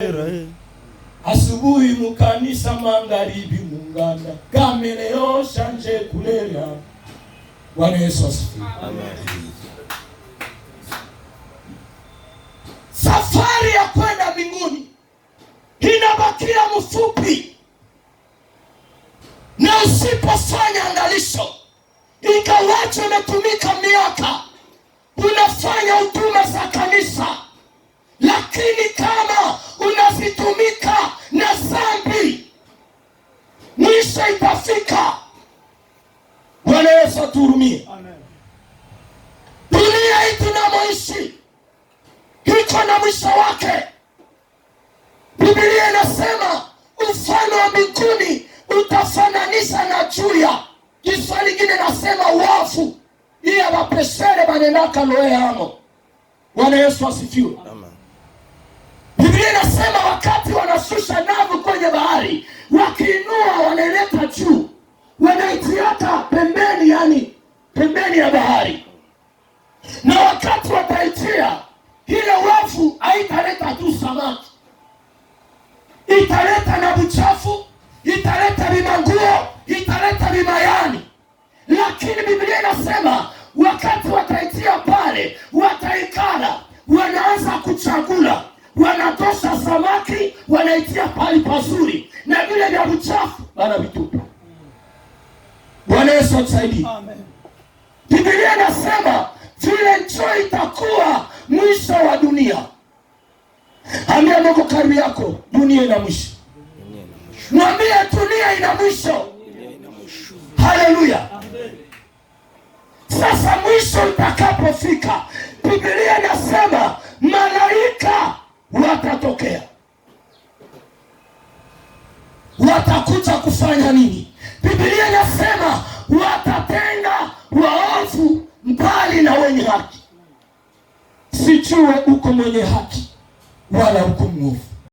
Eh. Asubuhi mukanisa, magharibi munganda, kameleo shanje kulera. Bwana Yesu asifiwe. Safari ya kwenda mbinguni inabakia mfupi, na usipofanya angalisho, ingawaje umetumika miaka, unafanya huduma za kanisa, lakini kama Isha itafika. Bwana Yesu atuhurumie. Dunia hii tunamoishi iko na mwisho wake. Biblia inasema mfano wa mbinguni utafananisha na juya. Kiswa lingine nasema wafu iya wapeshere banenaka loye amo. Bwana Yesu asifiwe. juu, wanaitiata pembeni, yani pembeni ya bahari, na wakati wataitia ile wafu haitaleta tu samaki, italeta na buchafu, italeta vimanguo, italeta vimayani, lakini Biblia inasema wakati wataitia pale, wataikala, wanaanza kuchagula, wanatosha samaki, wanaitia pali pazuri, na vile vya buchafu wanavitupa. Bwana Yesu atusaidie. Biblia inasema vile njoo itakuwa mwisho wa dunia. Ambia mko karibu yako, dunia ina mwisho. Mwambie dunia ina mwisho. Haleluya! Sasa mwisho utakapofika, Biblia inasema malaika watatokea, watakuja kufanya nini? Biblia inasema watatenga waovu mbali na wenye haki. Sichue uko mwenye haki wala uko mwovu.